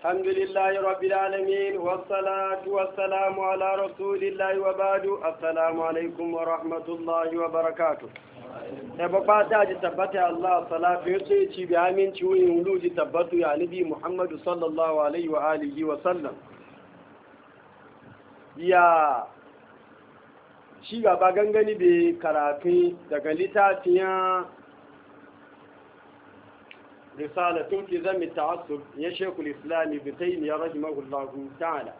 الحمد لله رب العالمين والصلاة والسلام على رسول الله وبعد السلام عليكم ورحمة الله وبركاته Ebaba ta ji tabbata Allah salatu ya ce ci bi aminci wuyin wuluji tabbatu ya nabi Muhammadu sallallahu alaihi wa wa sallam. Ya shi gaba gangani bai karafi daga littafiyan رسالة في ذم التعصب يا شيخ الإسلام ابن تيمية رحمه الله تعالى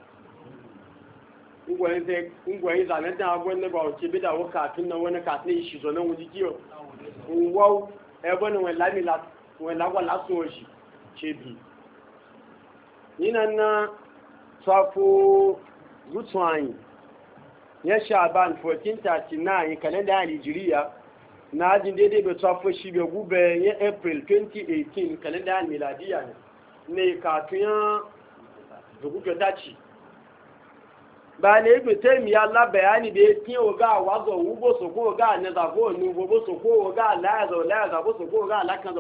ungwayin zanen ta abuwan na ba wace bida wa kafin nan wani kafin yi shi zonan wani kiyo ngwau ebe na wani lami wani lagwa lasuwar shi ce bi yinan na tsafo zutuwanyi ya shaban 1439 kalenda alijiriya na ajin daidai bai tsafo shi bai ya april 2018 kalenda miladiya ne ne katuyan zugujo ba ne ya da ya tiye wa na wazo wugo so ko ga ni so ko ga so ko ga na ga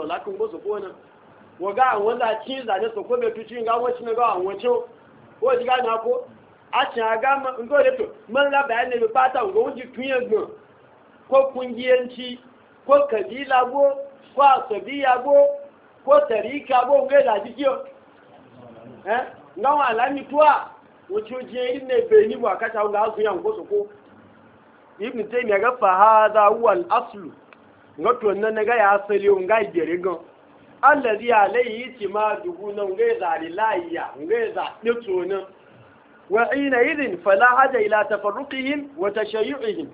za ne so ko be tuci ga wacin ga na ko a aga ma ngo le to man la bayani be pata ko kungiyanci ko kabila go ko asabiya go ko tarika go ngai da jikiyo eh ngawa alami tuwa wuce je ne ni ba ka ta ga su yan ko su ko ibn mi ga fa hada huwa al aslu ngato nan ga ya asali ngai gere gan allazi alayhi timaduhu nan ngai zalilayya ngai za dito na wa ina idin fala hada ila tafarruqihim wa tashayyu'ihim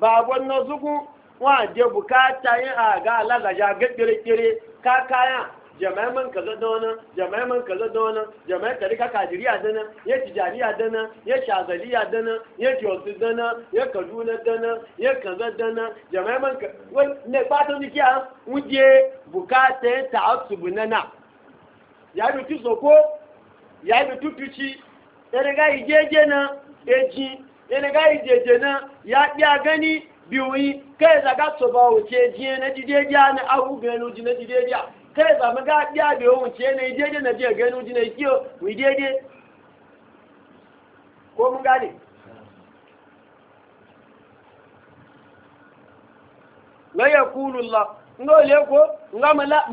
babon na zugu wa je bukata yi a ga alazaja ga kire-kire ka kaya jama'i man kaza da wani jama'ai man kaza da wani ka tarika a dana ya tijariya dana ya shazaliya dana ya josu dana ya kaduna dana ya kaza dana jama'i man kaza ne fatan jiki a wuje bukata yin ta'asubu nana ya yi mutu soko ya yi mutu tuci ya riga ijeje na eji yana ijeje na ya ɗiya gani biyoyi kai zaga so ba wuce na na abu na jidejiya kai za mu ga ijeje na jiya gano ji na kiyo mu idede ko ya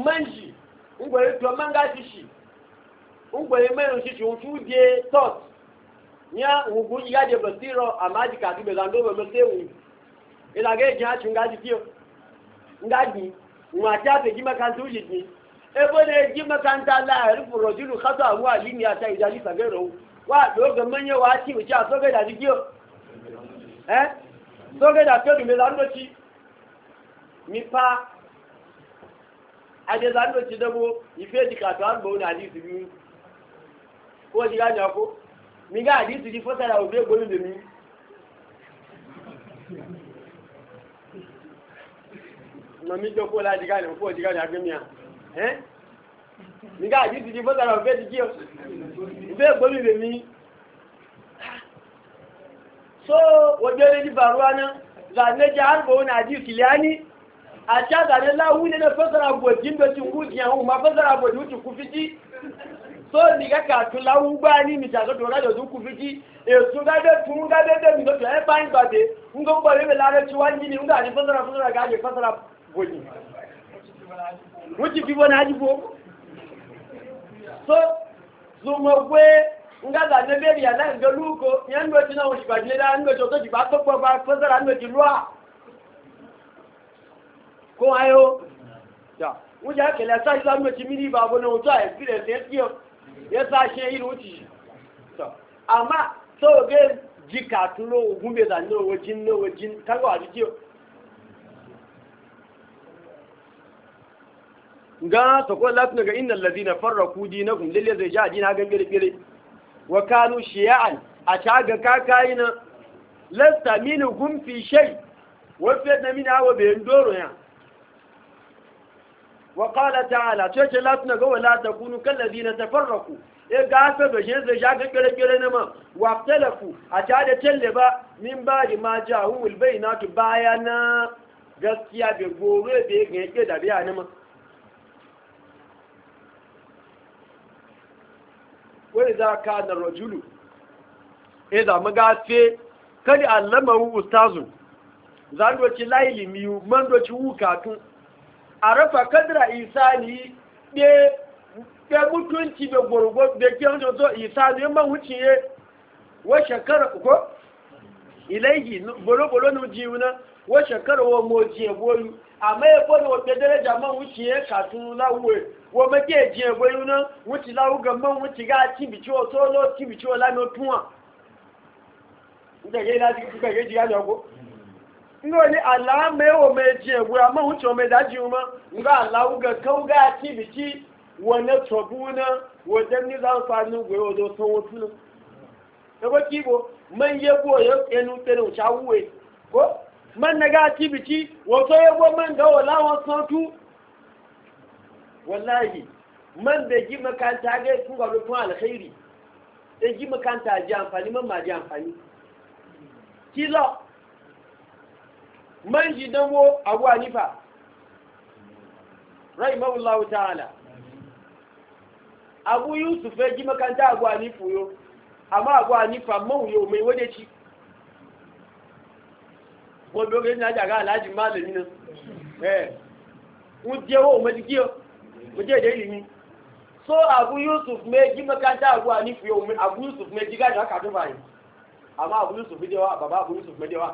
manji ngwe to manga tishi nya ugu iga de basiro amaji ka ti bezando be mete wu ila ge ja chunga ji kio ngaji wa ja te ji makan tu ji ni e bo de ji makan ta la ri furo jilu khata wa li ni ata ida li sagero wa do ga manye wa ti u ja so ge da ji kio eh so ge da kio bezando chi mi pa ade zando chi dabo ife di ka to an bo na ji ti bi ko ji ga nya ko mi ga àdìsí di fọ́sára òbí ègbóni lèmi. mọ̀mí jókòó láti ká ní òkú òjì ká ní agbẹ́mí à mi ga àdìsí di fọ́sára òbí ègbóni lèmi. òbí ègbóni lèmi. so wọ́jọ́ lé ní faruwa náà zànẹ́jà àrùbọ̀ ní àdìsí lẹ́yà ní àti àzànẹ́lá wúlé ní fọ́sára òbí òjì ń bẹ̀ tí wújì àwọn ọmọ fọ́sára òbí òjì kú fi jí so ni ka ka tun la wu gba ni mi ta ko to ga do ku fiti e so ga de tun ga de de mi do e pa in ba de un go ba le la le ti wan ni un ga ni fasara fasara ga je fasara bo ni wuti fi bona ji bo so zo mo gbe un ga ga ne be ya la ngo lu ko yan do ti na o shi ba je da ngo ya wuja kele sa islamu ti mi ni na o to ya sa ṣe wuce shi. amma sau ga ji katun lo gumbe da ni wajen na wajen kalwa jike ga ta kuwa latin ga inna lalazi na farra kudi na kun lalle zai ja adina gan gire-gire wa kanu shiya'an a shaga kakayi na lasta mini gumfi shai wasu yadda mini hawa bayan doro ya وقال تعالى تشي لا غو لا تكونوا كالذين تفرقوا ايه غاسه بشين زي شاغ كره كره نما واختلفوا اجاد تلبا من بعد ما جاءوا البينات بيانا gaskiya bai بيغي كده ganye da biya كان الرجل wani ما ka كدي علمه e za mu ميو kadi allama a rafa kadra isani ɗe ɗe mutunci da gwargwar da ke wajen zo isani man wuce wa shekara ko ilaihi bolo-bolo na jiwuna wa shekara wa moji ya boyu amma ya bori wadda daraja man wuce ya katun lawuwe wa maki ya ji ya boyu na wuce lawu ga ngo ni ala me o me je bu amma hun cho me daji uma ngo Allah ga kau ga ti biki wona tobuna wajen ni za fa nu gwe yo do so wotu da ki kibo man ye go yo enu tere o e, ko man na ga ti biki wato ye go man ga wala won so tu wallahi man da ji makanta ga kun ga rufin alkhairi da ji makanta ji amfani man ma ji amfani kilo man ji danwo abu hanifa rahimahullahu ta'ala abu yusuf ya ji makanta abu hanifu yo amma abu hanifa mawuyo mai wade ci wọ́n bí ó gẹ́ ní ajá àgá aláàjì máa lè nínú ẹ̀ ń jẹ́ owó mẹ́jì kí o kò jẹ́ èdè yìí ni so abu yusuf méjì makanta abu hanifu yo abu yusuf méjì gáàjì wákàtún báyìí àmọ́ abu yusuf méjì wá baba abu yusuf méjì wá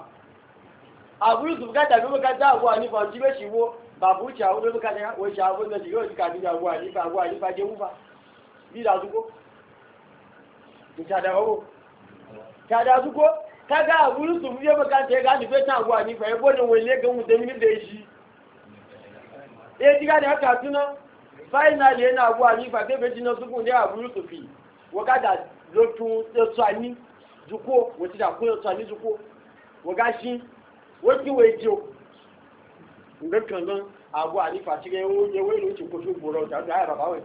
àbúrú bùkátà ló bùkátà àwọn ànífà ojú méjì wo bàbú ti àwọn olóbùkátà wọ́n ṣe àwọn olóbùkátà yóò ti kàdé àwọn ànífà àwọn ànífà jẹ́ wúfà bí ìdádúgbò ìṣàdàwọ́wò ìṣàdàdúgbò kága àbúrú sùn yóò bùkátà ẹ̀ka ànífẹ́ tán àwọn ànífà ẹ̀bọ́ ni wọ́n ilé àbúrú sùn fi wọ́kádà ló tún ẹ̀tọ́ wọ́n ti wọ́n ti o nga kankan abo alifa tigɛ wo nye wo ni o ti ko fi gbolo o ta do aya baba wɛ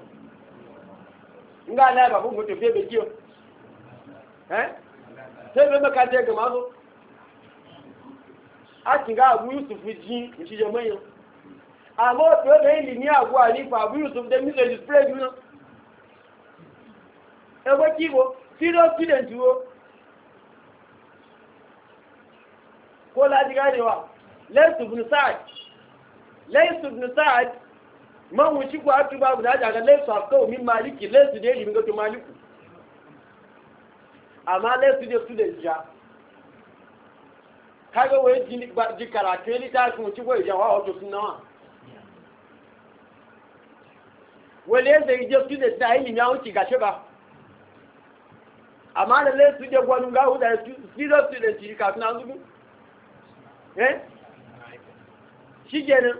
nga ala yaba fún mɔtò fiyɛ bɛ di o ɛn sɛbɛn bɛ ka tɛ gama so a ti ka abu yusuf jin o ti jɛ mɛ yɛn àmọ́ tó lè lì ní àwọ àlífà àbúrùsùn dé mísẹ̀ display jùlọ ẹgbẹ́ kí wo serious student wo ko laji ganewa laisu ibn sa'ad laisu ibn sa'ad man wuci ko atu babu da ga laisu afto min maliki laisu da yi ga to maliku amma laisu da su da ja kaga wai ji ji karatu ni ta kun ci ko ja wa wato sunna wale da je su da ta yi ya wuci gashi ba amma da laisu da gwanu ga hu da su da su da ji kafin an zugu eh shi kenan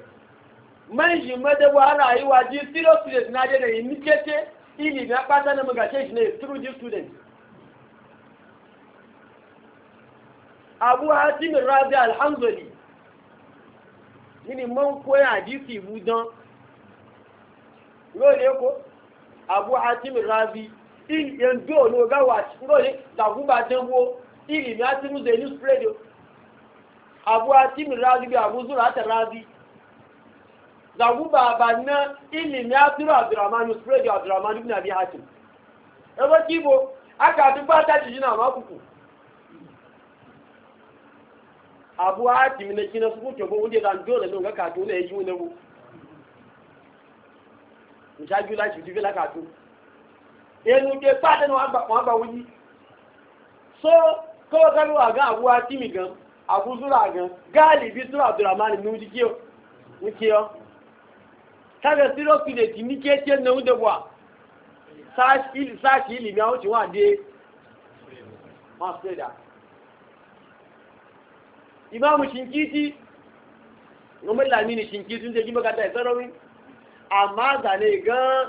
man shi madawa ana yi wa ji zero student na jana yi nikete ili na ɓata na magashe shi ne through this student abu hatim rabi alhanzali nini man koya hadisi budan lóòlé ko abu hatim rabi in yanzu ologawa lóòlé takuba danwo ili na ti mú zai abu atimin razi bi abu zura ta razi zagu ba na ilimi ya turu abdurrahman yusuf radio abdurrahman ibn abi hatim ebe kibo aka ba ta jiji na kuku abu hatim na kina su kuke gobe da dole ne ga kato na yi wani bu nṣáájú láti ìdíbí lákàtó ẹnu jẹ pàdánù wọn bá wọnyí so kọ́wọ́ kálù ga àwọ atímì gan abu sura gan galibi sura abdulrahman ibn mujiyo mujiyo kaga siro kide ti ni ke te na unde wa sa ili sa ili mi awon ti wa de ma se da imamu shinkiti ngomar lamini shinkiti sun je gima kada isarawin amma zane gan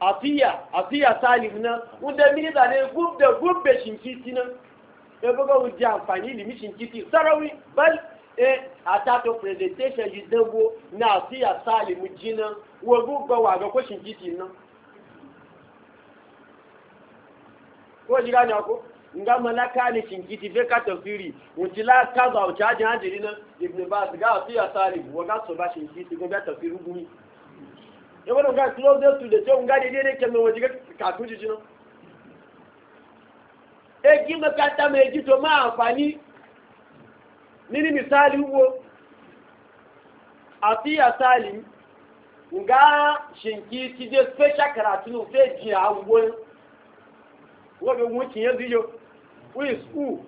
afiya afiya salif na wanda mini zane gubbe gubbe na ya ụdị amfani limishin kiti sarawi bal e a presentation yi dambo na siya salimu jinan wa gugba wa ga kwashin kiti nan ko ji gani nga malaka ne shinkiti fe ka tafsiri wuce la kaza wuce ajin hajjiri nan ibn bas ga ga so ba gumi ga close to the show nga ka tuji egi makata mai ji to ma amfani nini misali wo atiya salim nga shinki ti je special karatu no fe ji awon wo be mu kiyan diyo wo is u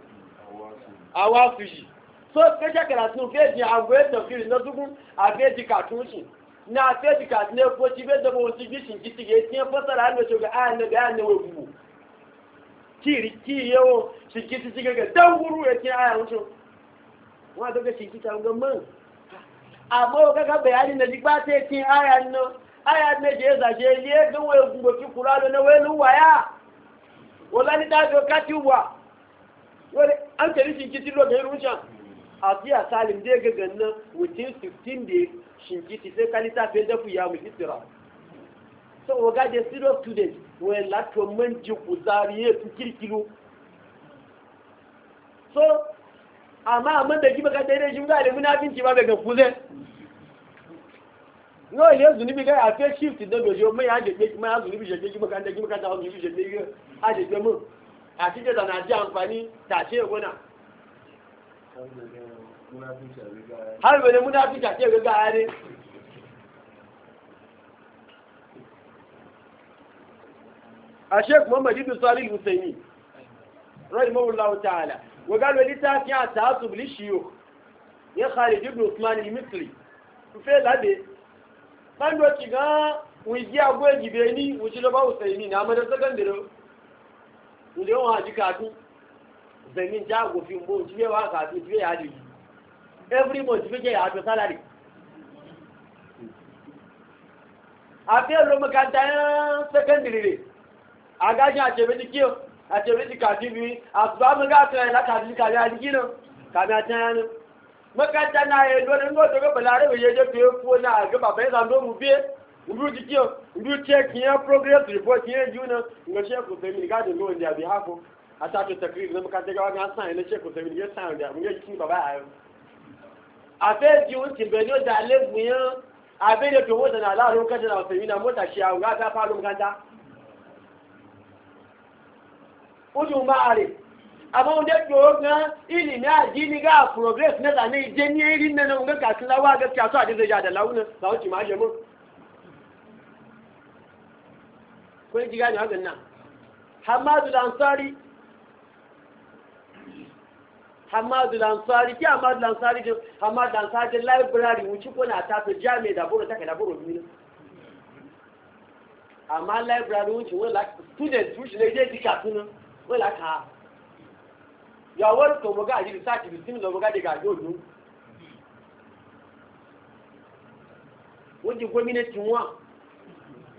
awafiji so special karatu no fe ji awon to firi no dugun abeji katunshi na abeji katune fo ti be do mo ti ji shinki ti ge kiri ki yawo shiki ti shiga ga dan guru ya ce aya wuce wa daga shiki ta ga man amma ga ga bayani na jikba ta ce aya no aya ne je za je ye ga wa go ki kuralo na wa lu waya wala ni da do kati wa wala an ta shiki ti lo ga ruja abiya salim de ga ganna within 15 days shiki ti sai kalita fe da ku ya mu fitira so oga dey serious student wey lato manji kuzari ya fi kirkiro so amma amma da gibe ka daidai shi ga da munafinci ba daga kuzai no ile zunubi ga afe shift na dojo mai ya jeje mai ya zunubi jeje gibe ka da gibe ka da zunubi jeje a jeje mu a cikin da na ji amfani ta ce gona har wani munafinci a ce ga ne a sheik muhammad ibn salih husaini rahimahullahu ta'ala wa galo littafi a tasu bilishiyo ya khalid ibn usman al-misri fe labe bando ki ga wiji agwe gibe ni wuci lo ba husaini na madan sakandare nde wa ji katu zemin jago every month fi je ya to salary a fe lo makanta agájẹ́ àṣẹ̀bẹ́dì kí o àṣẹ̀bẹ́dì kàbí bí àṣùgbà mẹ́gà àtẹ̀rẹ̀ látàbí kàbí àdíkínà kàbí àtẹ̀rẹ̀ mẹ́kàtà náà èlò ní ọjọ́ tó pẹ̀lú ààrẹ òye jẹ́ pé ó fún náà àgbẹ́ bàbá ẹ̀sà ló mú bí ìlú ti kí o ìlú tí kì í progress report yẹn jù náà ìgbésẹ̀ kò fẹ́mi gáàdì lóhùn ní àbí hápò àtàkùn tẹ̀kìrì ní mẹ́kàtà gáwá gán sàn ilé-iṣẹ́ kò fẹ́mi yẹn sàn ọ̀dà ìmúyẹ́ kí bàbá ààrẹ. àfẹ́ẹ̀dì ń ti bẹ̀rẹ̀ ní ọjà alẹ́ gbìyàn tó wọ́n ojú máa rè àmọ́ oúnjẹ gbòó gan ìlì ní àjí ní gáà progress mẹ́ta ní ìjẹ́ ní èrí nínú oúnjẹ kàtí láwọ́ agẹ́kí àtọ́ àdéjọjà àdàláwù náà làwọn ti máa jẹ mọ́ kó ní jíga ní ọgbẹ̀ náà hamadu lansari hamadu lansari kí hamadu lansari jẹ hamadu lansari jẹ láìbírárì wùchí kó ní àtàtò jáàmì ìdàbòrò mi náà láìbírárì wọn wọ́n là kà á yàwó tó mọ̀gá àyè rìsáàtì bìí sínú lọ́mọ̀gá dé gàdé òdu wọ́n ti gómìnà tí wọ́n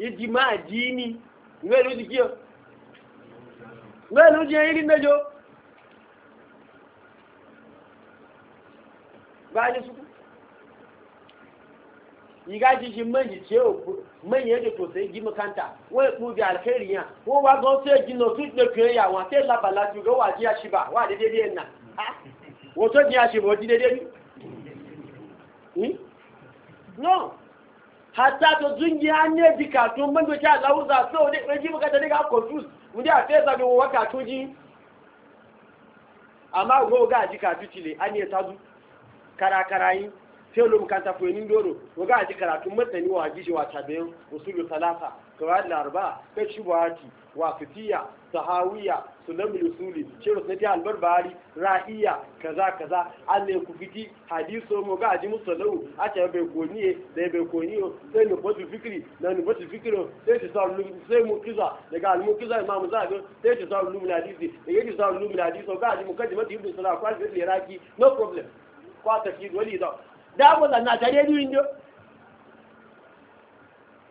ìdí máa dì í ní ìwé ló ti kí ọ ìwé ló ti yẹn rí mẹ́jọ. yi iga jiji manji ce man yadda to sai ji makanta wai ku bi alkhairi ya ko wa go sai ji no fit da kuya ya wa sai la bala tu wa ji shi ba wa de de de na wo to shi ba ji de de ni hmm? no hatta to zungi an ne ji ka man do ta lawu za so de ji makanta de ga confuse mu da sai za bi wa ka to ji amma go ga ji ka cile an ne ta zu kara karayin sai lo makanta ko yin doro waga aji karatu matsani wa gishi wa tabiyin usulu talata, kawai da arba kai shubuhati wa fitiya sahawiya sulamul usuli shehu sunati albarbari ra'iya kaza kaza alle ku fiti hadiso mo ga musu musallu a ta be koniye da be koniyo sai ne fatu fikri na ne fatu fikiro sai ta sallu sai mu kiza daga almu kiza imam zabi sai ta sallu mu hadisi da yake sallu mu hadisi ga aji mukaddimati ibn salah kwal fi iraki no problem kwa tafi wali da dáàbò lànà àtàrí ẹni rí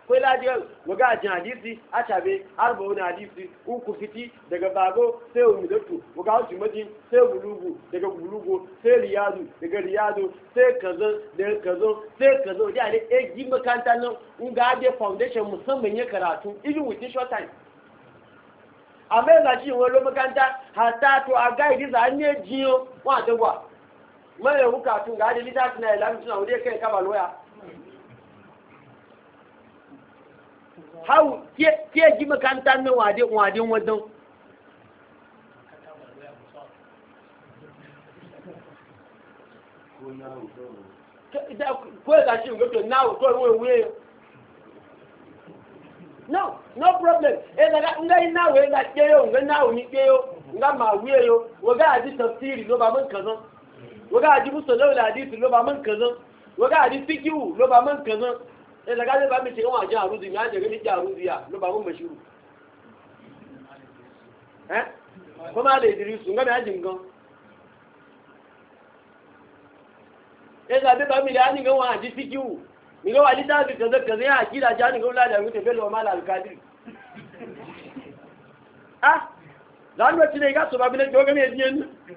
pé láti wọ́gá àjìn àdísí àṣàbẹ̀ àrùbọ̀ ní àdísí ukù fiti daga bago sai umilatu wọ́gá oṣù mọ́jì sai bulugu daga sai daga riyadu sai kazan daga kazan sai kazan makanta ga musamman ya karatu even within short time a wani makanta to a ga an ne jiyo ta mọ́lẹ̀ òun kàtún gáàdì lítàtì náà ìlànà tún àwọn oríkẹ́ ìkábà lóyà jí makaranta náà wàdí wàdí wadán kó ẹ̀ka sí ìgbésẹ̀ no no problem ẹ̀ka e nga iná wẹ̀ ẹ̀ka kéyó nga náà ò ní kéyó nga màá wọ́n gáà di tafsiri ló bá mọ̀ náà wọ́n káàdì mùsùlùmí lọ́wọ́ làdí ìsìn ló bá mọ́ nǹkan náà wọ́n káàdì fíkìwù ló bá mọ́ nǹkan náà ẹ̀ lọ́gàdé bá mi ṣe wọ́n àjẹ́ àrùdì mi àjẹ́ mi jẹ́ àrùdì yà ló bá mọ́ mẹ́ṣúrù. ẹ́ kọ́ máa lè dìrì sùn gẹ́gẹ́ àjì nǹkan. ẹ̀ lọ́gàdé bá mi lè áni gan wọ́n àjẹ́ fíkìwù nìkan wà ní dáàbì kẹ̀kẹ́ yà àkí ìdájá nìkan ládàá mi tẹ̀fẹ́ lọ́ọ́ má làlùkádìrì. ah lánàá tí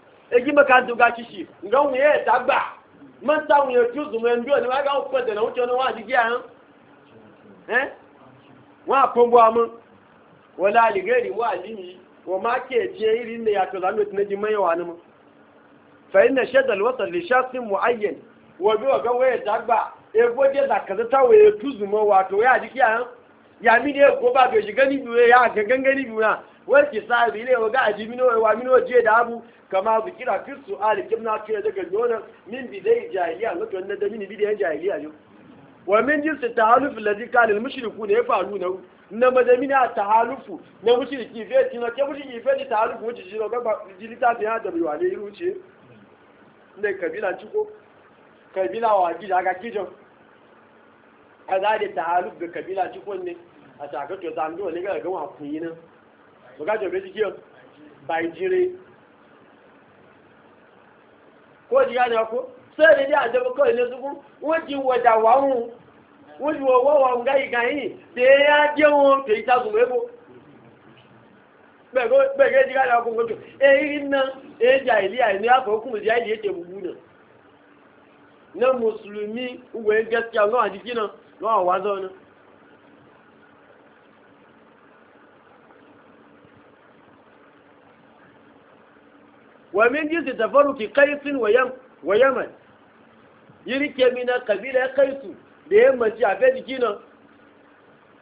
Ejima ka ga shishi nga nwunye ya dagba manta nwunye tuzu nwunye ndị onye aga akwụkwọ dị na nwuche onye nwaanyị gị ahụ nwa akpọgbu amụ wala aligeri nwa alimi e iri ya tụrụ anụ etinye ji mmanya wa anụmụ fẹ̀yìn náà sheda lọ́tọ̀ lè ṣáàtì mú ayé wọ́n bí ọ̀gá wọ́n yẹ dàgbà egbó jẹ́ dàkàtà táwọn ètùzùmọ̀ ya mi ne ko ba gaji gani biyu ya ga gangani biyu na wani sa bile wa ga ji mino wa mino je da abu kama bu kira kristo ali kim na tuya daga yona min bi dai jahiliya na to da mini bi dai jahiliya yo wa min ji su tahaluf ladhi kana al mushriku ne faru na na madamina a tahalufu na mushriki fe tino ke mushriki fe ni tahalufu wuce shi ga ba jilita bi ha da bi wa ne ruce ne kabila chiko kabila wa gida ga a kaza da ta'aluf da kabila chiko ne àti àkókò zandu onígbà ẹ̀gbọ́n wà fún yín náà méjì kí ọ bàìjírí kó o jìyà ní ọkọ sẹ́ẹ̀lì ní àjẹmọ́kọ́ ilé sukùn wọ́n ti wọ̀jà wọ́n ti wọ̀wọ́ wọn kì í sàkùn mẹ́bọ̀ gẹ́sì àwọn àdìsí náà lọ́wọ́ wá náà wa min jinsi tafaruki kaifin wa yaman yiri ke mina kabila ya kaitu da ya manci a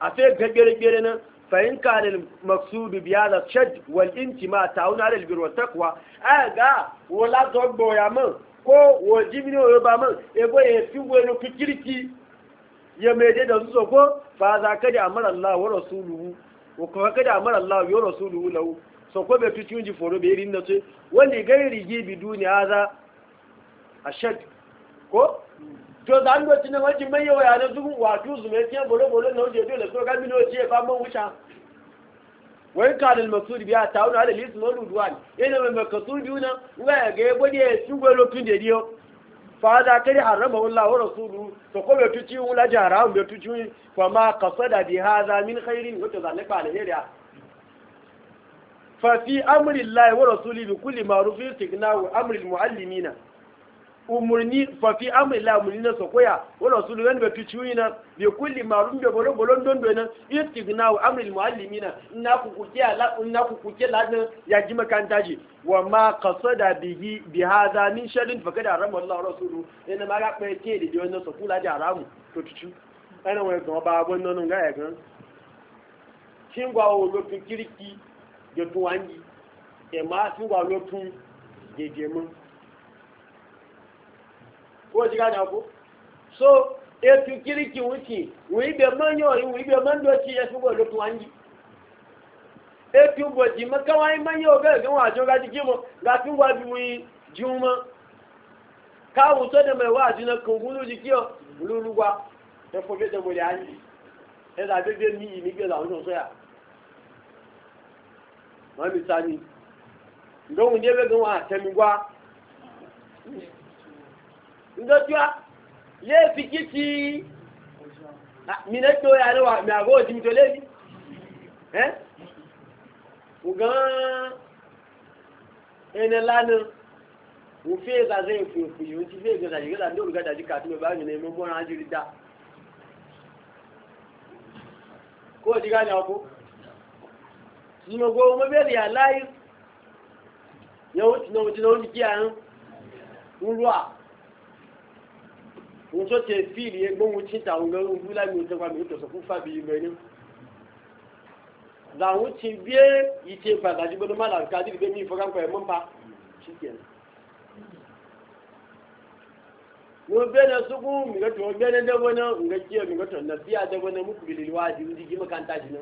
a fai gaggare-gare nan fahim kanin maksu dubiya da shad wal inci ma ta wuna da a ga wala zogbo ya man ko waji mini ba man ebo e ya fi wani fikirki ya mede da zuzo ko fa za ka da amara allah wa rasuluhu ko ka da amara allah wa rasuluhu lau so ko bai tuci yunji foro bai rinna ce wani gairi bi duniya za a shek ko to da an doci na wajen mai yawa yana zugun wato zume tiyan bolo-bolo na wuce dole so gami noci ya fama wuta wani kanin masudi biya ta wani halin lisu manu duwan yana mai makasudi na waya ga ya gwani ya ci gwai lokacin da diyo fa za ka yi harama wula wa rasulu to ko bai tuci wula jihar bai tuci wula ma kasa da biya haza min khairin wata zalika alheriya fafi amurin laye wa rasuli bi kulli marufi istignawu amurin mu'allimina umurni fafi amurin laye umurni na sokoya wa rasuli wani bai tuci wina bi kulli marufi bai bolo bolon don mu'allimina kukuke kukuke ya ji makanta ji wa ma kasada bihi bi hada min fa kada ramu Allah rasulu ina ma ga kai ke da wannan da haramu to tuci ana wani nan ga ya kan gwa kiriki jẹtun wa ń yí ẹ̀mọ́ àtúwà ló tún dèdè mọ́ kó jíga ní ọkú so ètù kíríkì wọ́n ti wọ́n ibẹ̀ mọ́ yọ̀ yìí wọ́n ibẹ̀ mọ́ ń dọ̀tí ẹ̀sùn wọ́n ló tún wa ń yí ètù bọ̀jì mọ́ káwá yín mọ́ yọ̀ bẹ́ẹ̀ gan wọ́n àjọ ga jíjí mọ́ ga tún wá bí wọ́n jí wọn mọ́ káwọn tó dẹ̀ mọ́ ẹ̀wọ́ àdínà kan fún lójú kí ọ lóluwa ẹ̀fọ́ bẹ́ẹ̀ dẹ̀ mọ́ ma misali don wunde bai gan wa tamigwa ndọ́jọ́ lé fi kí ti mìnẹ́tò àríwá mìàgó òjìmìtò lébi ẹ́ ǹgán ẹni lánà ò fi ìgbàzẹ́ ìfò ìfò yìí ti fi ìgbàzẹ́ ìgbàzẹ́ ìgbàzẹ́ olùgbàdà jíkà tí mo bá yìí ní mọ́ mọ́ra ájírí dá kó da ti ká ní ọkọ́ nínú ogó mọ́bẹ̀rẹ̀ aláì yóò tí náà ó dìkí àrùn ń lọ́à ti bí ìṣe pàtàkì gbọ́dọ̀ má làwọn káàdì gbé ní ìfọkànpọ̀ ẹ̀mọ́ pa chicken wọ́n bẹ́ẹ̀ náà sókún mìíràn tó wọ́n gbẹ́ẹ́ náà dẹ́gbọ́n náà nǹkan mú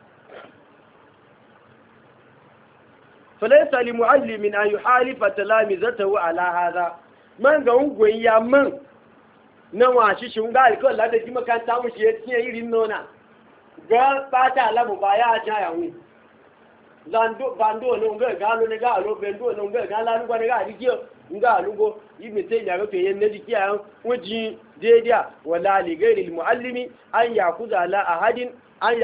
falaisa li muallimin an yuhalifa talamizatahu ala hadha man ga ungun ya man na wa shi shi ga alkol la da ji makanta mu shi yake irin nona ga bata la mu baya ja ya wi zando bando ga ga ne ga lo bendo no ga ga la ngwa ne ga dikio nga alugo ibn taymiya ga yen ne dikiya wuji dediya wala li muallimi an yakuza la ahadin an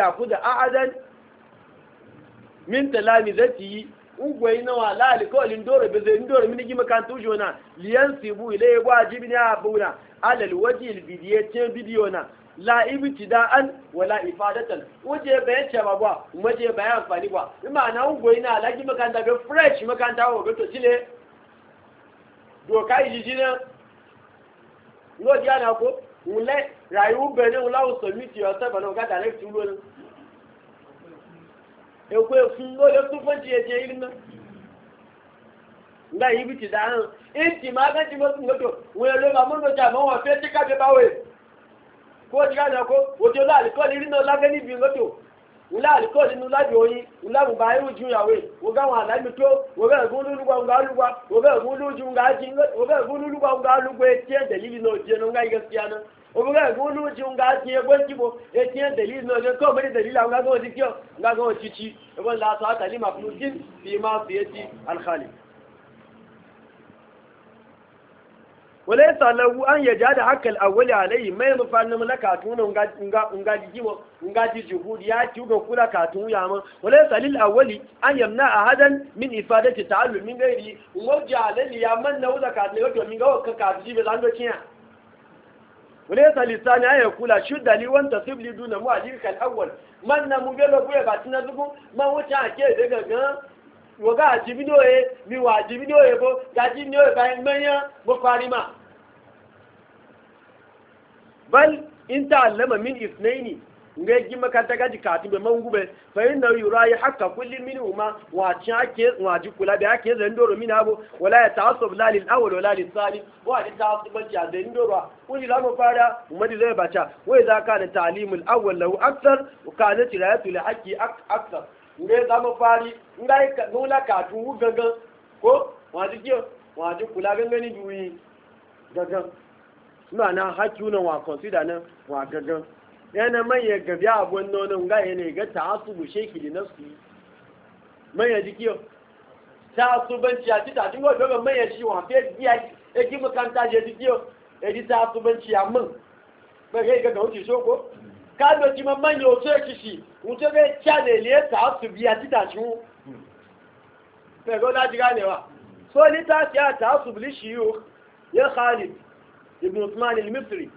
ugwai nawa la alkawalin dore be zai dore mini gima kan tujo na liyan sibu ile ya gwaji bin ya buna alal waji bidiye ce bidiyo na la an wala ifadatan uje bayan ce ba ba uje bayan amfani ba ima na ugwai na la gima kan da be fresh makanta wa to chile doka ijiji na ngo dia na ko ule rayu bene ula usomiti yourself and oga direct ulona ekwe fun lole tun fun ti eje irin ibi nga yi biti da han inti ma ti lo ma mun ja mo fe ti ka ko na ko o ti o la ni na la ga ni bi goto ula aliko nínú láti oyin ula bùbá irú ju ìyàwó ògá àwọn àlámi tó ògá ẹ̀gún lúlúgbà ń ga lúgbà ògá ẹ̀gún lúlúgbà ń ga jí ògá ẹ̀gún omuga gulu ti unga ti egbo njibo eti en dalil no je ko mere dalil unga go ti kyo unga go ti ti e bon la ta tali maflukin fi ma fi eti al khali walaysa an yajada hakka al awwal alayhi mai mufanna mun ka tuna unga unga unga jibo unga ji ya ti uga kula ka tun ya mun walaysa lil awwali an yamna ahadan min ifadati ta'allum min gairi wajja lil yaman na uza ka ka zan وليس لسان أن يقول شد لي وانت سب لي دون مؤلفك الأول من نمجل بوية باتنا زبو ما وشع كي دقا وقا عجبينو ايه مي وعجبينو ايه بو قاعدينو ايه باين ميا مقارما بل انت علم من اثنين ngeji ji makanta gaji kati be mangu be fa inna yurai hakka kulli huma wa chake wa jukula be ake zendoro zan min abo wala ya ta'assub la lil awwal wala lil thani wa ni ta'assub ja zan doro kulli la mu fara umadi zai bacha wa idza kana ta'limul awwal lahu akthar wa kana tilayatu li haqqi akthar ngai za mu fari ngai ka nula ka tu gangan ko wa ji wa jukula kula gangani duyi gangan suna na hakki wa consider nan wa gangan yana manya gabi abuwan nonon ga yana ga ta asu bushe ki da nasu manya jiki ta asu banci a tita tun gwada ga manya shi wa fe biya ya e ki makanta je jiki ya e ji ta asu banci a min ba ga ga wuce shoko ka da ki man manya oto ya kishi wuce ga cha ne le ta asu biya tita shi wu ba ga na ji ganewa so ni ta ta asu bilishi yu ya Khalid ibn Uthman al-Misri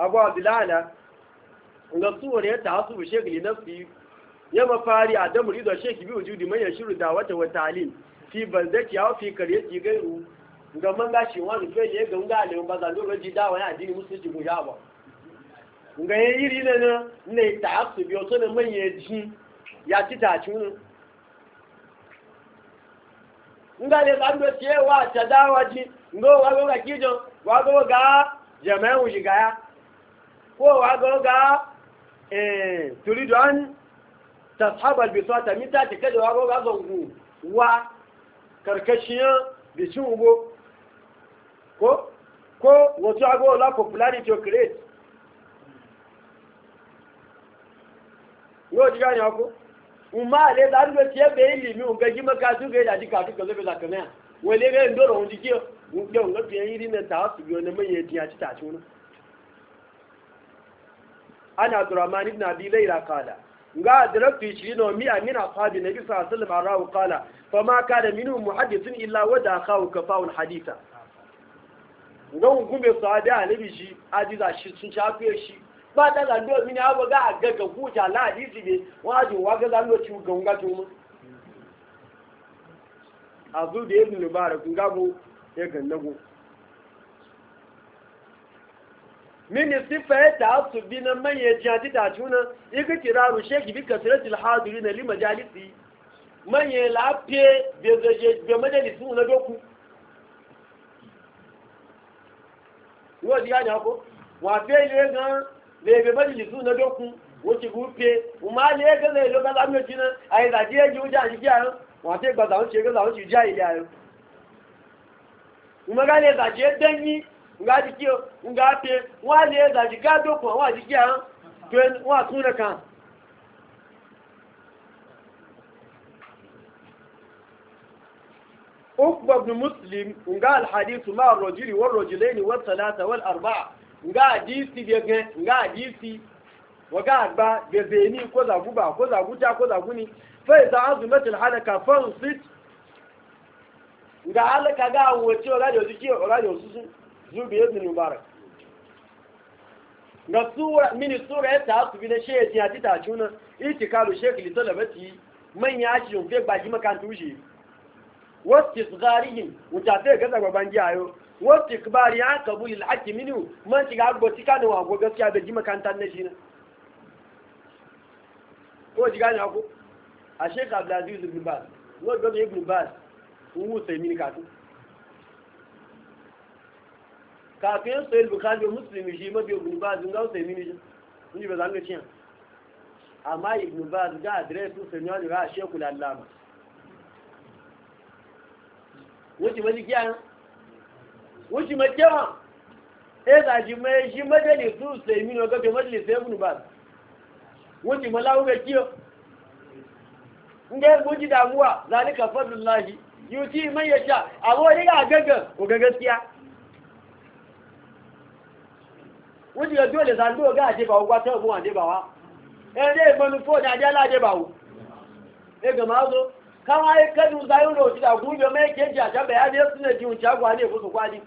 abu abdulana ga suwar ya ta hasu shekli na su yi ya mafari a damar ido shekli biyu judi mai shiru da wata wata alim fi banzaki ya fi kare ki gairu ga man gashi wani fe ya ga nga alim ba zan dole ji dawa ya addini musulunci ko ya ba ga ya iri na na ne ta su biyo to ne manye ji ya ci ta ci mu nga le zan do ce wa ta dawa ji ngo wa ga kijo wa ga jama'a wuji ga ya kowa ga ga eh, turidu an tashabar bisuwa ta mita ta kada wa ga zangu wa karkashiyar bikin ugo ko ko wato ago la popularity of create yóò jíga ní ọkọ́ umar lè dárúgbé tí ẹgbẹ̀ mi òǹkẹ́ jí mẹ́ka tí ó gẹ̀ẹ́ ìdájí kàtí kọ́ lẹ́fẹ̀ẹ́ làkànnà wọ́n lè rẹ̀ ń dọ̀rọ̀ òun jíjẹ́ òun jẹ́ òun na yìí rí mẹ́ta ọ̀sùn bí ọ̀nà mẹ́yẹ ti àti ana abdurrahman ibn abi laila qala ga darabtu yishino mi amina fabi nabi sallallahu alaihi wasallam arahu qala fama kana minhu muhaddithun illa wada khawu kafaul haditha ngon gumbe sahabi alibi shi ajiza shi sun shafe shi ba da ga do mini abu ga agaga kuja la hadisi be waje waga da lo ci gonga to mu azu da ibn mubarak ngabo ya gannago mini sifaye ta hasu bi na manyan ta cuna iga sheki bi kasiratul hadiri na lima jalisi manyan lafiye bai majalisun na doku yóò di àjà kó wà fẹ́ ilé gan lèbè bá jìlì sùn lọ́jọ́ kun wọ́n ti kú pé wọ́n máa lé gan lè lọ́gbà lámìó jiná àyèdà díẹ̀ ju oúnjẹ àti kíá yẹn wọ́n àti gbàgbà ń ṣe gbàgbà ń ṣe jẹ́ àyèdà nga jiki nga te wa le da jika do ko wa jiki an to wa kuna kan ukba ibn muslim nga al hadith ma ar rajuli wal rajulain wal thalatha wal arba'a nga hadisi de ge nga hadisi waga agba de zeni ko za guba ko za guja ko za guni fa idza azumat al halaka fansit nga halaka ga wace ga yo o ga yo susu zubi ibn mubarak ga sura mini sura ya ta su bi na shehi ya ti ta juna itikalu shekhi li talabati man ya shi yunfe gbaji makan tushe wasu tsarihin mutafe ga zagbaban giyayo wasu kibari ya kabu lil haƙƙi mini man shiga agboti wa wago gaskiya da ji makantar na shi na ko ji gane ako a shekha abdulaziz ibn baz wani gaba ibn baz sun wuce mini kafin kafin sayil bukari musulmi shi mafi ibn baz ga sai mini shi ni ba zan ga cin amma ibn baz ga address sun sanya ga sheku lallama wuce maji kiyan wuce makewa eh, e da ji mai shi majalisu sai mini ga to majalisu ibn baz wuce malawu ga kiyo inda mun damuwa zalika fadlullahi yuti man yasha abu ne ga gaggan ko ga gaskiya wọ́n ti yọ dole sàndó ọgá àdébàwò wá tẹ́ òfin àdébàwá ẹ̀rẹ́ ìbọnú fóòdù àjálá àdébàwò ẹgbẹ̀mọ̀ áwọ́ káwọn akẹ́kẹ́lú zayon lò ti dàgún yọ mẹ́kẹ́jì àjábẹ̀ adé sílẹ̀ di òǹtsàgùn alẹ́ ìfòsò kwali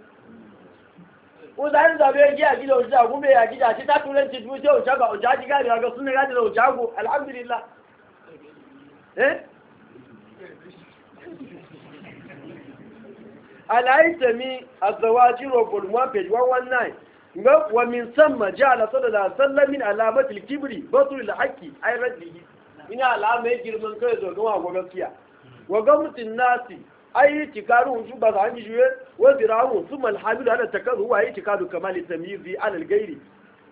wọ́n zayon zàbẹ̀ ẹjẹ́ àjílẹ̀ òṣìṣẹ́ àgún bẹ̀ àjíjà àti tákùnrin ti dúró sí òǹtsàgùn òǹtsàgùn gáàdì àgọ́ sílẹ̀ gáàdì òǹtsàgùn alhamdulillah aláìsẹ̀mí àzọwájú rọ̀bọ̀lùmọ́ page one one nine ga wa min samma ja'ala sallallahu da wasallam min alamatil kibri batul haqqi ay raddihi ina alamai girman kai zo ga wa gaskiya wa gamtin nasi ai tikaru su ba zan jiye wa zirahu thumma alhamdu ala takaru wa itikaru kamal tamyizi Alal, Gairi.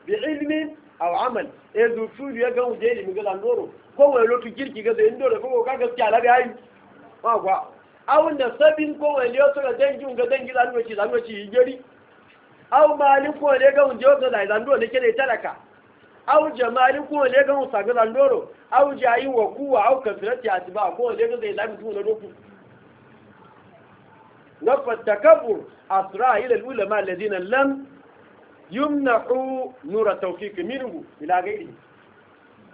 bi ilmin aw amal e du su ya ga uje ilmi ga landoro ko wai lotu kirki ga da indoro ko ka gaskiya la ga yi wa gwa awun da sabin ko wai liyo to da dangin ga dangin zanuci zanuci gari au malin ko ne ga unjo ga zai zando ne kene talaka au jamalin ko ne ga musa ga zandoro au jayi wa kuwa au kasrati asba ko ne ga zai lamu tuna doku fa takabur asra ila ulama alladhina lam yumnahu nura tawfiq minhu ila gairi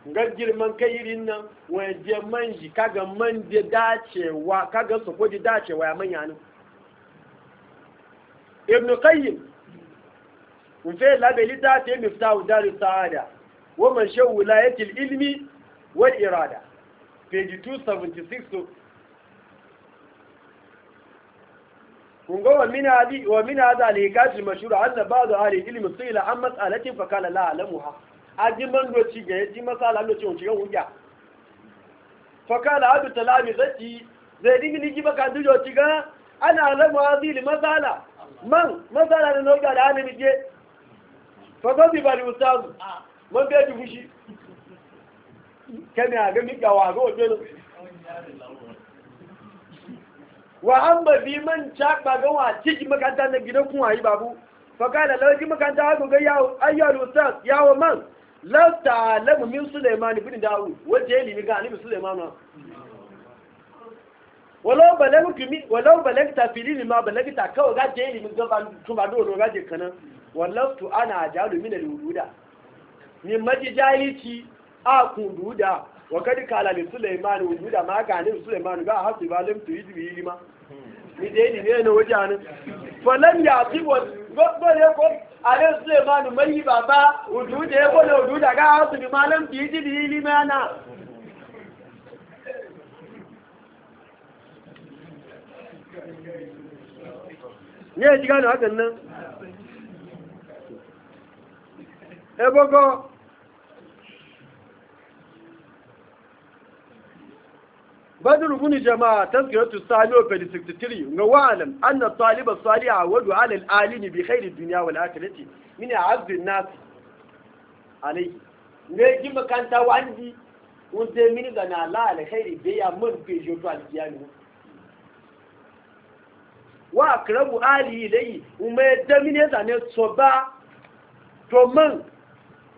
ngar man kayirin nan wa jaman ji kaga man da wa kaga su ko wa ya manya ibn qayyim وفي لابل ذات مفتاح دار السعادة ومن شو ولاية العلم والإرادة page 276 kunga wa min hadi wa min hada al-hikayat al-mashhur anna ba'd ahli ilm yi an mas'alatin fa kana la alamuha ajiman do ga yaji masala lo ci ga wuya fakala kana talami zati zai ni giba kan dujo ci ga ana alamu hadhihi al matsala man matsala da no da ne je fagọ́bí bá ní ustazu Mun bẹ́ẹ̀ ti fúṣí kẹ́mi a mígbà wà àgọ́ òjò lọ wa an ba bi man chakba ga wa ciki makanta na gidan kun ayi babu fa kana laji makanta ha ga yawo ayyul ustaz yawo man la ta'lamu min sulaiman ibn daud wace ilimi ga annabi sulaiman walau balagta ne ma balagta kawai gaje ilimin gaba tuma dole je kanan wallaftu ana jalu min al-wududa min maji a kududa wa kadi kala li sulaiman wududa ma ga ni sulaiman ga hasu balim tu yidi yi ma ni dai ni ne na wajanin falan ya fi wa gobba ne ko ale sulaiman mai baba wududa ko na wududa ga hasu bi malam tu yidi yi ma na ne ji gano hakan nan ebogo بدر بن جماعة تذكرة الثانية في السكتتري واعلم أن الطالب الصالح عود على الآلين بخير الدنيا والآخرة من عبد الناس عليه نجي كان تواندي وزي من ذنا لا على خير بيا من في جوتو القيامة وأقرب آلي إليه وما يدمن يزاني صبا تومن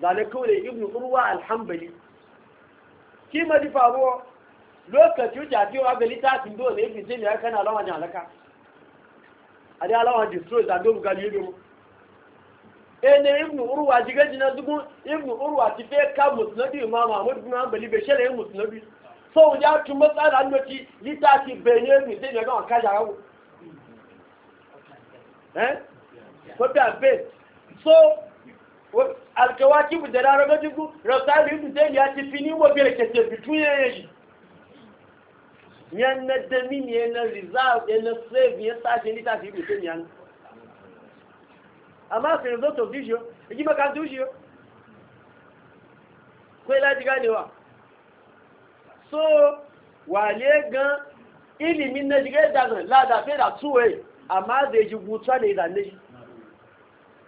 zane kawai ibn urwa alhambali ki ma ji faruwa lokacin jafi wa gali ta fi dole ibn jini ya kana lawan jalaka a da lawan destroy da don gali yobe mu ene eh, ibn urwa jiga jina dubu ibn urwa ti fe ka musnabi imam ahmad ibn hanbali be shere musnabi so ya tun matsala noti litati benye ibn jini ya ga ka jarawo eh so alkawakibu da larabatuku rasali ibn zayn ya ci fini wa bere ke ce bitu ya yi yan na damin ya na reserve ya na slave ya sa shi lita shi ibn zayn ni amma fi result of this year yi maka tu shi ko ila ji ganewa so wale gan ilimin na jigai la lada fe da tuwe amma zai ji gutuwa da ne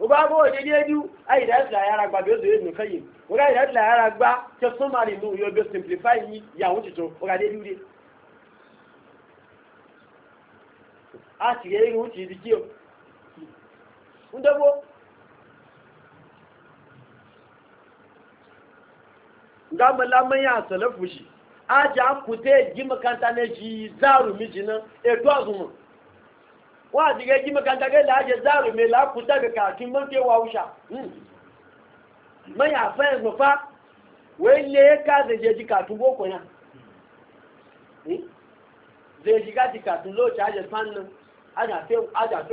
وبابو ودي ديو اي ده لا يارا غبا بيو زي ابن قيم وغا ده لا يارا غبا كسوماري نو يو بيو سمبليفاي ني يا وتي تو وغا دي ديو دي ati yeye ni wuti dikio ndabo ngamba lamanya salafu shi aja kute ji makanta ne ji zaru mijina e to azumu wa diga ji makanta ga la je zaru me la kuta ga kakin man ke wawusha mai afa yanzu fa wai le ka da je ji katun boko na zai shiga ji katun lo ta je fan nan aja fe aja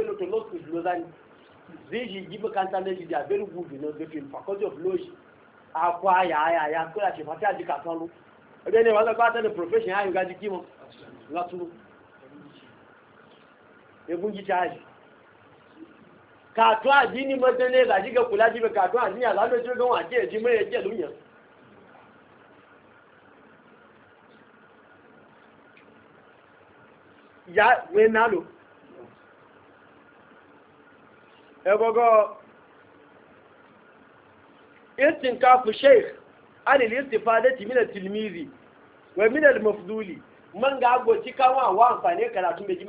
ya ya ya ko la ti fata ji katun lo ebe the profession ayu ga ji kimo la egun jíta yìí kàtó àdí ní mọ́tẹ́lẹ́ ìlàjígẹ̀ kò lájíbẹ̀ kàtó àdí ní àlálò tí ó gánwà jẹ́ ẹ̀jí mọ́ ẹ̀jẹ̀ lóyìn ya wé náà lò ẹgbọ́gọ́ ìsìnká fún sheikh alìlì ìsìnfà dẹ́tì mílẹ̀ tìlmìrì wẹ̀ mílẹ̀ mọ̀fúdúlì mọ́ngà àgbò tí káwọn àwọn àǹfààní kàràtún méjì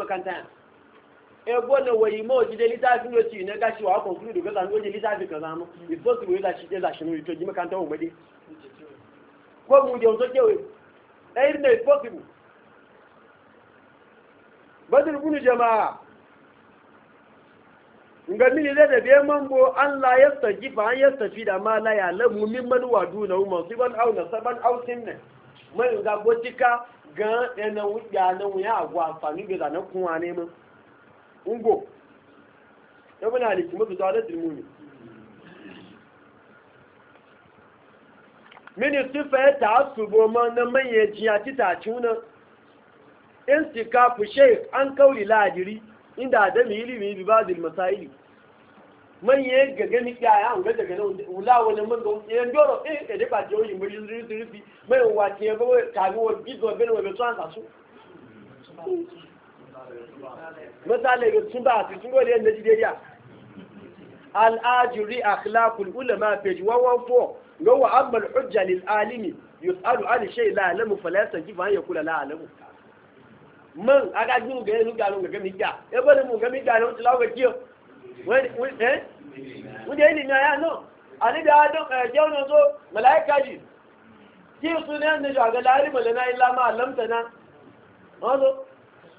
ebo na wai mo ji da litafi no ci ne ga shi wa conclude ga zan goje litafi da shi ke da shi no to ji makan ta ko mu je onto kewe eh ne is possible badr jama'a nga mini da da biyan mambo Allah ya saki fa an ya tafi da ma la ya lamu min man wadu na su ban au na saban au sinna mai ga botika ga yana e wuya na wuya agwa fani ga na kuma ne ungo ya bana halittu mafi tsawalar ilmumi mini sufa ya ta su goma na manyan jiya titaci wunan in su sika fushe an kauri ladiri inda adam ilimi bi ba zil masaili manyan gaga ni kaya an gaga na wula wani manga yan doro eh da da ba je yin muri zuri zuri mai wace ba kami wa gizo bin wa bai tsan su misali ga sun ba su sun gole yadda jideriya al'ajiri akhlaqul ulama page 114 ga wa amma al-hujja lil alimi yus'alu an shay la ya'lamu fala yastajibu an yakula la ya'lamu man aga ju ga yanzu ga mun ga miga e bane mun ga miga ne tilawa ga kiyo wani eh wani ilimi ya no ani da ado eh jawno zo malaika ji ki sunan ne ga lari malana illa ma lamtana wazo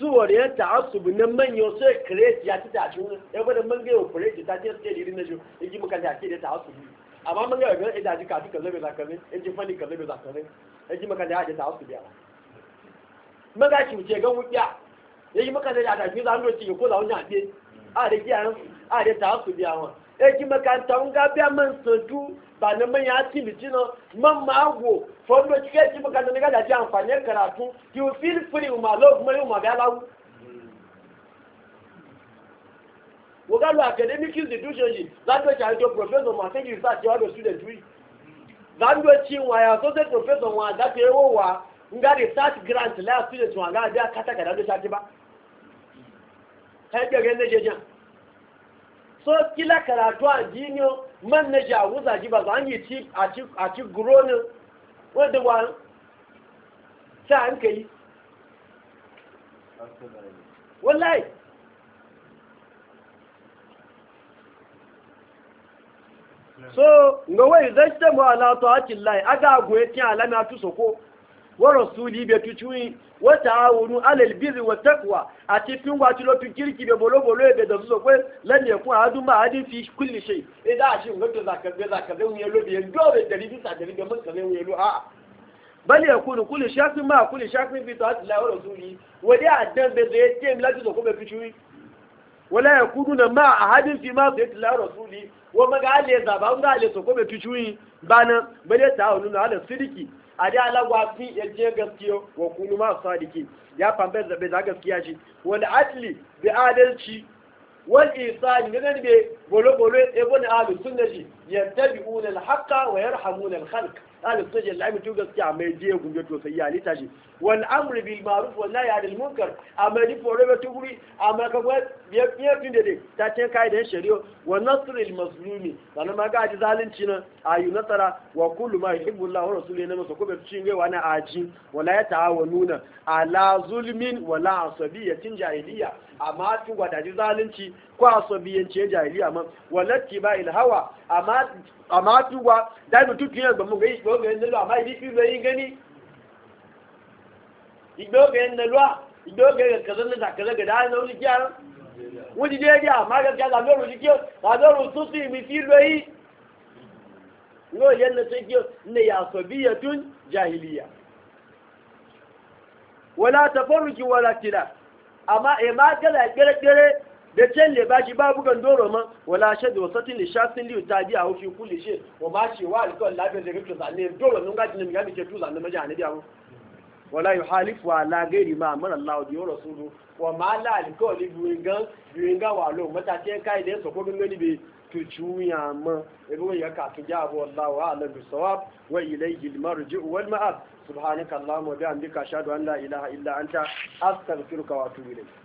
suwar ya ta'assubu na so sai kireti ya ci ta shi ya bada man gaya kireti ta ce suke lirin na ju in ji muka ta ce da ta'assubu amma man gaya ganin idaji kafi ka zabe zakarai in ji fani ka zabe zakarai ya ji muka ta ce ta'assubu ya maza ki wuce gan wuya ya ji muka ta ce a tafi za mu doce ko za mu jafe a da kiyayen a da ya wani eki makaranta un ga biya man soju ba na man ya ci biti na man ma agwo fondo cike ci makaranta ne ga da ji amfani karatu you feel free uma lo kuma ne uma ga lawu wo ga lo academic institution yi zato ci ajo professor ma se ki sa ti wa do student wi zato ci wa ya so se professor wa da te wo wa nga research grant la student wa ga ja kata kada do sati ba kai ga ne je jan so kila karatu a jiniyo man na jawo ji ba za yi ci a ci gronin wadda wa ta an ka yi wallahi so ga wai zai ta mu ala ta hakin lai aga goye tin alama tu ko. warasuli bai tucuyi wata awonu alal birri wa takwa a cikin wato lotu kirki bai bolo-bolo ya da zuwa kwai lalle kun hadu ma hadin fi kulli shay idan da shi wato zakabe zakabe wuya lo bai dole dari bisa dari da mun kabe wuya lo a'a bal yakunu kuli shafin ma kuli shafin bi ta'ati la rasuli wadi addan bai zai tem la zuwa ko bai tucuyi wala na ma ahadin fi ma ta'ati la rasuli wa maga ale zaba ga ale so ko bai tucuyi bana bale ta'awunu ala sidiki a da alagwa fi ya je wa kunu ma sadiki ya fambe zabe da gaskiya shi wal adli bi adalci wal isani ne ne be bolo bolo e bon alu sunna ya yattabi'una al haka wa yarhamuna al khalq alu sunna ji lami tu gaskiya mai je gunjo to sai ya lita shi wani amuri bil maruf wani ya dil munkar amma ni fore ba tuguri amma ka ga biya biya tun da dai ta ce kai da shari'o wannan suril mazlumi wannan ma ga ji zalunci na ayu nasara wa kullu ma yi allah wa rasuluhu ne masa ko ba cin gai wani aji wala ya nuna? ala zulmin wala asabiyatin jahiliya amma tu ga ji zalunci ko asabiyance jahiliya ma wala tiba il hawa amma amma tu ga dai mutu kiyar ba mu gai ko ga ne ba mai bi fi zai gani igbe ga na lua igbe ga kaza da na wuri kiya wuri ga ba da ru su na ya jahiliya wala tafarruki wala tila amma e da can le bashi babu kan doro man wala shadu a hufi kulli she wa bashi wa alkon lafiya da na zanne doro nun gaji ne mi ga bi ke tuza ne wọ́lá yóò hálífù alágẹ́rì máa mọ́nà láòdì ọ̀rọ̀ sóró wọ́n máa láàrínkọ́ ní gbìyànján gbìyànján wà lóun mọ́ta tí ń ká ìdẹ́ sọ̀kọ́ gbígbé níbi tuju ilaha illa anta astaghfiruka